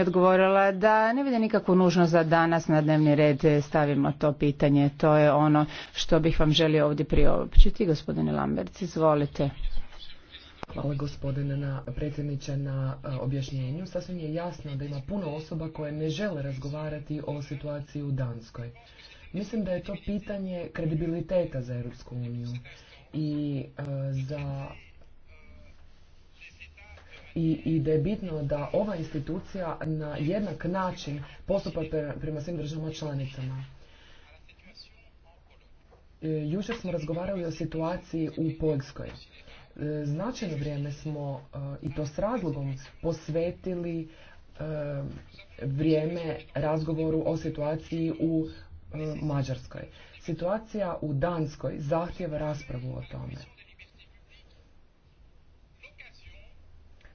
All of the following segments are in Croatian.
odgovorila da ne vidi nikakvu nužnost da danas na dnevni red stavimo to pitanje. To je ono što bih vam želio ovdje priopćiti. Gospodine Lambert, izvolite. Hvala gospodine na predsjedniče na objašnjenju. Sasvim je jasno da ima puno osoba koje ne žele razgovarati o situaciji u Danskoj. Mislim da je to pitanje kredibiliteta za Europsku uniju i za i, i da je bitno da ova institucija na jednak način postupa prema svim državama članicama. E, jučer smo razgovarali o situaciji u Poljskoj. E, značajno vrijeme smo e, i to s razlogom posvetili vrijeme razgovoru o situaciji u Mađarskoj. Situacija u Danskoj zahtjeva raspravu o tome.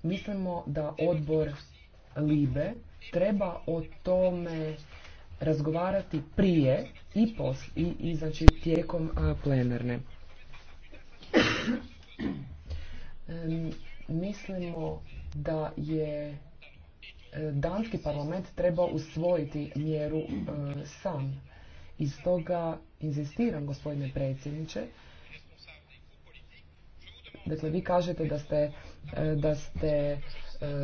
mislimo da odbor Libe treba o tome razgovarati prije i, pos, i, znači tijekom a, plenarne. mislimo da je e, danski parlament treba usvojiti mjeru e, sam. I stoga inzistiram, gospodine predsjedniče, dakle vi kažete da ste E, da ste e,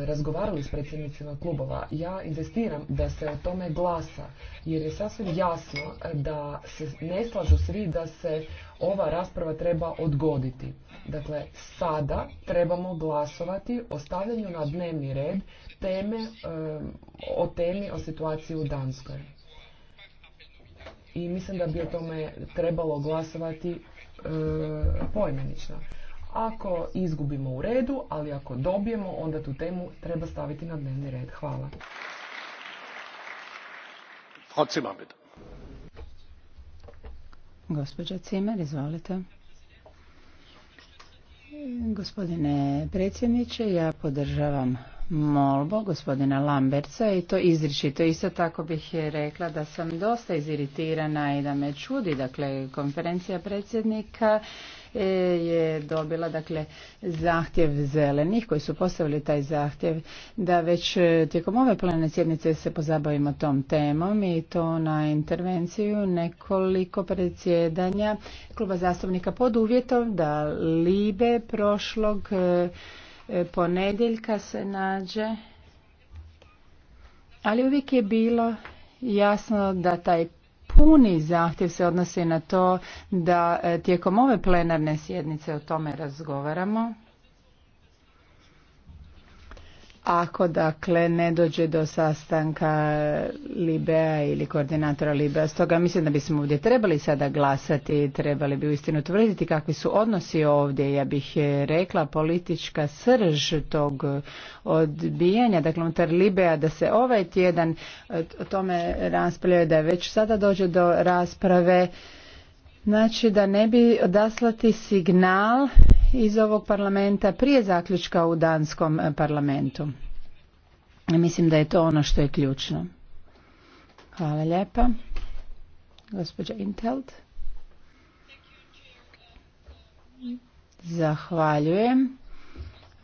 razgovarali s predsjednicima klubova. Ja investiram da se o tome glasa, jer je sasvim jasno da se ne slažu svi da se ova rasprava treba odgoditi. Dakle, sada trebamo glasovati o stavljanju na dnevni red teme, e, o temi o situaciji u Danskoj. I mislim da bi o tome trebalo glasovati pojmenično. Ako izgubimo u redu, ali ako dobijemo, onda tu temu treba staviti na dnevni red. Hvala. Cimer, izvolite. Gospodine predsjedniče, ja podržavam molbu gospodina Lamberca i to izričito. Isto tako bih je rekla da sam dosta iziritirana i da me čudi. Dakle, konferencija predsjednika E, je dobila dakle zahtjev zelenih koji su postavili taj zahtjev da već e, tijekom ove plenarne sjednice se pozabavimo tom temom i to na intervenciju nekoliko predsjedanja kluba zastupnika pod uvjetom da libe prošlog e, ponedjeljka se nađe ali uvijek je bilo jasno da taj puni zahtjev se odnosi na to da e, tijekom ove plenarne sjednice o tome razgovaramo ako dakle ne dođe do sastanka Libea ili koordinatora Libea, stoga mislim da bismo ovdje trebali sada glasati, trebali bi uistinu tvrditi kakvi su odnosi ovdje, ja bih e, rekla politička srž tog odbijanja, dakle unutar Libea da se ovaj tjedan e, o tome raspravljaju, da već sada dođe do rasprave, znači da ne bi odaslati signal iz ovog parlamenta prije zaključka u danskom e, parlamentu. Mislim da je to ono što je ključno. Hvala lijepa. Gospođa Intelt. Zahvaljujem.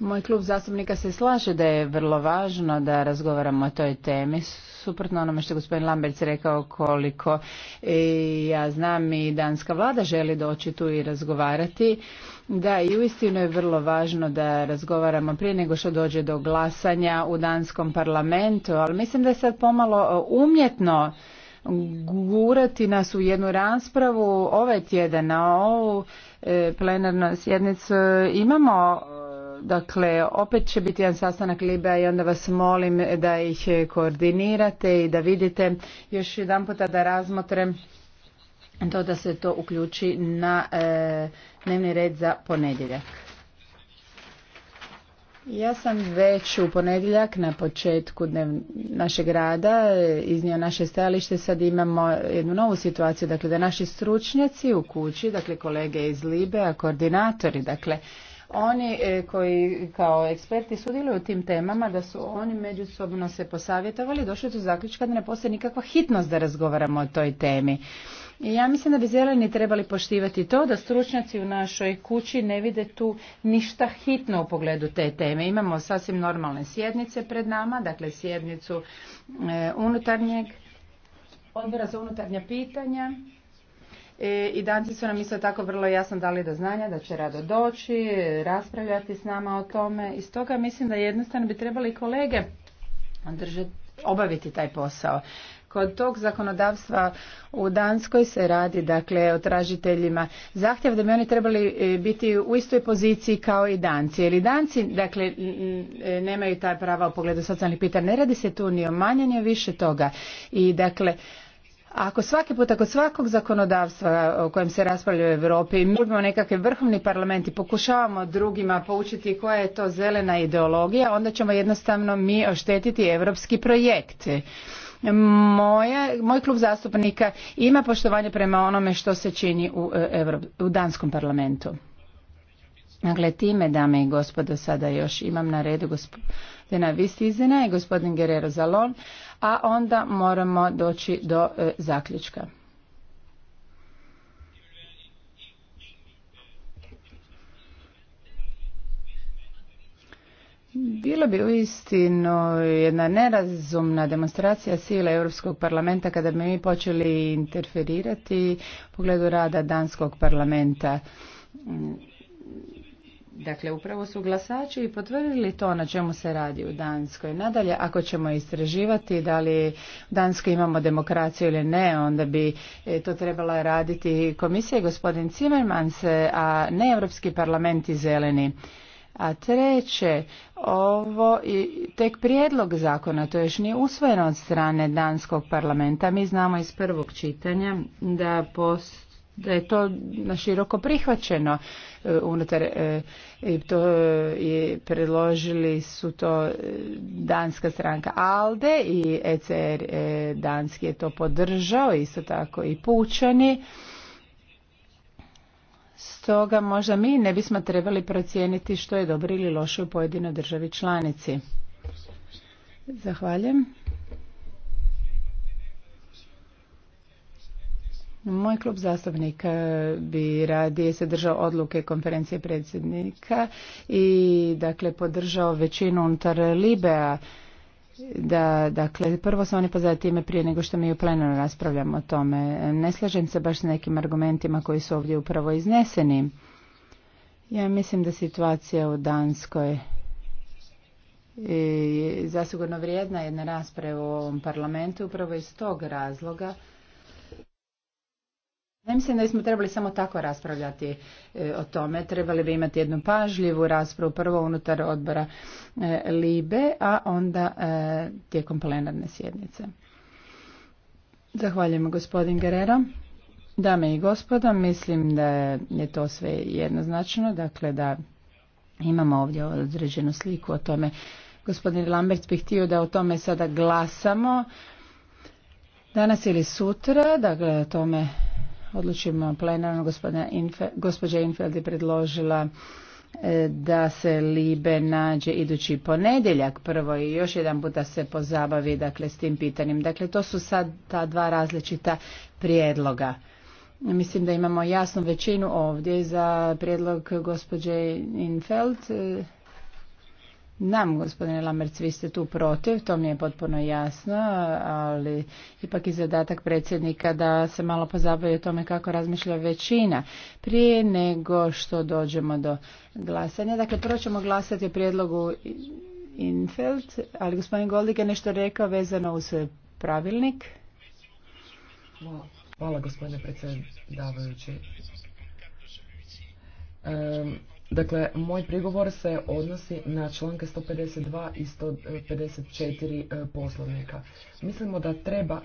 Moj klub zastupnika se slaže da je vrlo važno da razgovaramo o toj temi, suprotno onome što je gospodin Lamberts rekao koliko I ja znam i danska vlada želi doći tu i razgovarati. Da, i uistinu je vrlo važno da razgovaramo prije nego što dođe do glasanja u danskom parlamentu, ali mislim da je sad pomalo e, umjetno gurati nas u jednu raspravu ovaj tjedan na ovu e, plenarnu sjednicu imamo Dakle, opet će biti jedan sastanak Libe i onda vas molim da ih koordinirate i da vidite još jedan puta da razmotre to da se to uključi na e, dnevni red za ponedjeljak. Ja sam već u ponedjeljak na početku dnev, našeg rada e, iznio naše stajalište. Sad imamo jednu novu situaciju, dakle da naši stručnjaci u kući, dakle kolege iz Libe, a koordinatori, dakle oni e, koji kao eksperti sudjeluju u tim temama, da su oni međusobno se posavjetovali, došli do zaključka da ne postoji nikakva hitnost da razgovaramo o toj temi. I ja mislim da bi zeleni trebali poštivati to da stručnjaci u našoj kući ne vide tu ništa hitno u pogledu te teme. Imamo sasvim normalne sjednice pred nama, dakle sjednicu e, unutarnjeg odbora za unutarnja pitanja E, i danci su nam isto tako vrlo jasno dali do znanja da će rado doći, raspravljati s nama o tome i stoga mislim da jednostavno bi trebali kolege držati, obaviti taj posao. Kod tog zakonodavstva u Danskoj se radi dakle o tražiteljima zahtjev da bi oni trebali e, biti u istoj poziciji kao i Danci. Jer i Danci dakle nemaju taj prava u pogledu socijalnih pitanja. Ne radi se tu ni o manjanju više toga. I dakle ako svaki puta kod svakog zakonodavstva o kojem se raspravlja u Europi, imamo nekakve vrhovni parlament i pokušavamo drugima poučiti koja je to zelena ideologija, onda ćemo jednostavno mi oštetiti europski projekt. moj klub zastupnika ima poštovanje prema onome što se čini u, e, u danskom parlamentu. Dakle, time, dame i gospodo, sada još imam na redu gospodina Vistizina i gospodin Gerero Zalon, a onda moramo doći do e, zaključka. Bilo bi uistinu jedna nerazumna demonstracija sile Europskog parlamenta kada bi mi počeli interferirati u pogledu rada Danskog parlamenta Dakle, upravo su glasači i potvrdili to na čemu se radi u Danskoj. Nadalje, ako ćemo istraživati da li u Danskoj imamo demokraciju ili ne, onda bi e, to trebala raditi komisija i gospodin Zimmermans, e, a ne Europski parlament i zeleni. A treće, ovo i tek prijedlog zakona, to još nije usvojeno od strane Danskog parlamenta. Mi znamo iz prvog čitanja da postoji da je to široko prihvaćeno e, unutar e, i to je predložili su to e, danska stranka ALDE i ECR danski je to podržao isto tako i pučani stoga možda mi ne bismo trebali procijeniti što je dobro ili loše u pojedinoj državi članici zahvaljujem Moj klub zastupnika bi radije se držao odluke konferencije predsjednika i dakle podržao većinu unutar Libea da, dakle, prvo se oni pozadaju time prije nego što mi u plenarno raspravljamo o tome. Ne slažem se baš s nekim argumentima koji su ovdje upravo izneseni. Ja mislim da situacija u Danskoj je zasigurno vrijedna jedna rasprava u ovom parlamentu upravo iz tog razloga ja mislim da bismo trebali samo tako raspravljati e, o tome. Trebali bi imati jednu pažljivu raspravu prvo unutar odbora e, LIBE, a onda e, tijekom plenarne sjednice. Zahvaljujem gospodin Guerrero. Dame i gospoda, mislim da je to sve jednoznačno, dakle da imamo ovdje određenu sliku o tome. Gospodin Lambert bi htio da o tome sada glasamo danas ili sutra, dakle o tome odlučimo plenarno. gospođa Infeld je predložila e, da se Libe nađe idući ponedjeljak prvo i još jedan puta se pozabavi dakle, s tim pitanjem. Dakle, to su sad ta dva različita prijedloga. Mislim da imamo jasnu većinu ovdje za prijedlog gospođe Infeld. Nam, gospodine Lamerc, vi ste tu protiv, to mi je potpuno jasno, ali ipak i zadatak predsjednika da se malo pozabavi o tome kako razmišlja većina. Prije nego što dođemo do glasanja, dakle prvo ćemo glasati o prijedlogu Infeld, ali gospodin Goldik je nešto rekao vezano uz pravilnik. Hvala, Hvala gospodine predsjedavajući. Dakle, moj prigovor se odnosi na članke 152 i 154 e, poslovnika. Mislimo da treba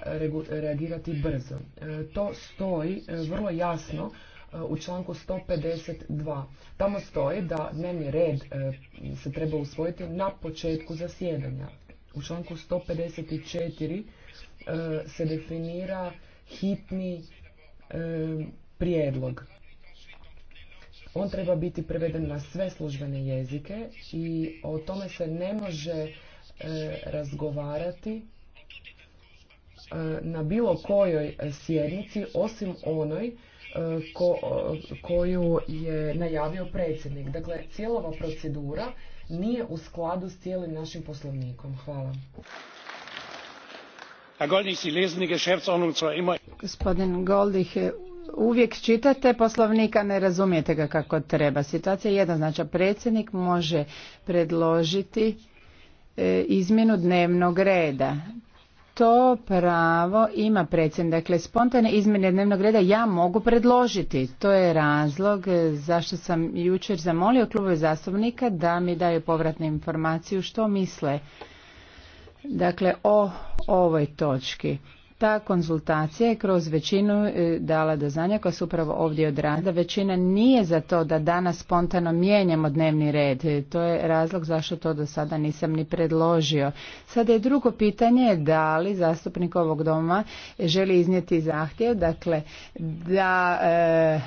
reagirati brzo. E, to stoji e, vrlo jasno u članku 152. Tamo stoji da dnevni red se treba usvojiti na početku zasjedanja. U članku 154 se definira hitni prijedlog. On treba biti preveden na sve službene jezike i o tome se ne može e, razgovarati e, na bilo kojoj sjednici osim onoj e, koju je najavio predsjednik. Dakle, cijela procedura nije u skladu s cijelim našim poslovnikom. Hvala. Gospodin uvijek čitate poslovnika, ne razumijete ga kako treba. Situacija je jedna, znači predsjednik može predložiti e, izmjenu dnevnog reda. To pravo ima predsjednik. Dakle, spontane izmjene dnevnog reda ja mogu predložiti. To je razlog e, zašto sam jučer zamolio klubove zastupnika da mi daju povratnu informaciju što misle dakle o ovoj točki. Ta konzultacija je kroz većinu e, dala do znanja koja se upravo ovdje odrada. Većina nije za to da danas spontano mijenjamo dnevni red. E, to je razlog zašto to do sada nisam ni predložio. Sada je drugo pitanje da li zastupnik ovog doma želi iznijeti zahtjev, dakle da... E,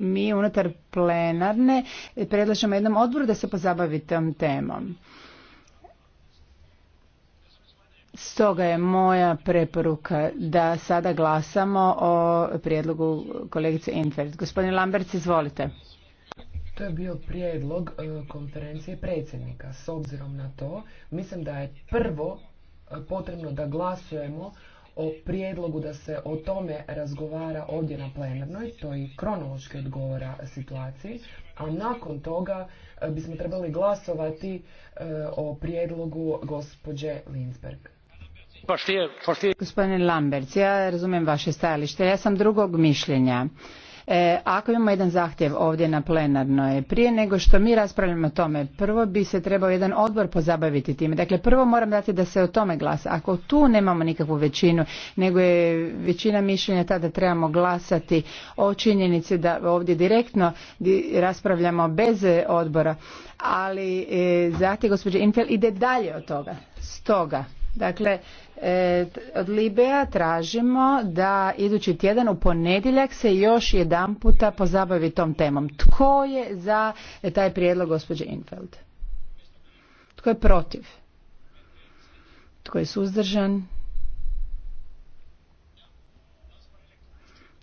mi unutar plenarne predlažemo jednom odboru da se pozabavi tom temom. Stoga je moja preporuka da sada glasamo o prijedlogu kolegice Infeld. Gospodin Lamberts, izvolite. To je bio prijedlog e, konferencije predsjednika. S obzirom na to, mislim da je prvo e, potrebno da glasujemo o prijedlogu da se o tome razgovara ovdje na plenarnoj, to i kronološki odgovora situaciji, a nakon toga e, bismo trebali glasovati o prijedlogu gospođe Linsberg. Gospodine Lamberts, ja razumijem vaše stajalište. Ja sam drugog mišljenja. E, ako imamo jedan zahtjev ovdje na plenarnoj, prije nego što mi raspravljamo o tome, prvo bi se trebao jedan odbor pozabaviti time. Dakle, prvo moram dati da se o tome glasa. Ako tu nemamo nikakvu većinu, nego je većina mišljenja tada trebamo glasati o činjenici da ovdje direktno raspravljamo bez odbora, ali e, zahtjev gospođe Infel ide dalje od toga. Stoga, Dakle, e, od Libeja tražimo da idući tjedan u ponedjeljak se još jedan puta pozabavi tom temom. Tko je za taj prijedlog gospođe Infeld? Tko je protiv? Tko je suzdržan?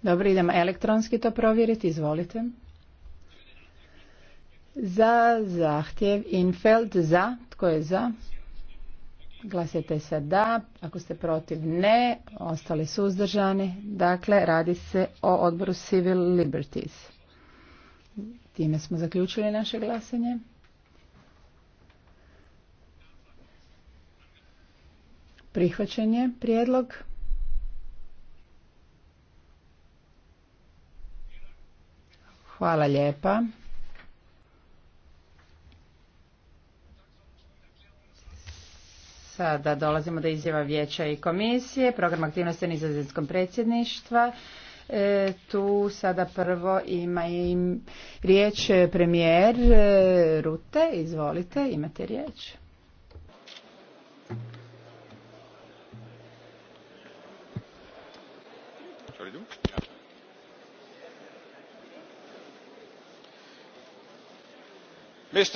Dobro, idemo elektronski to provjeriti, izvolite. Za zahtjev Infeld, za, tko je za? Glasajte se da, ako ste protiv ne, ostali suzdržani. Dakle, radi se o odboru Civil Liberties. Time smo zaključili naše glasanje. Prihvaćen je prijedlog. Hvala lijepa. Sada dolazimo do izjava vijeća i komisije, program aktivnosti nizozemskog predsjedništva. E, tu sada prvo ima im riječ premijer e, Rute, izvolite, imate riječ.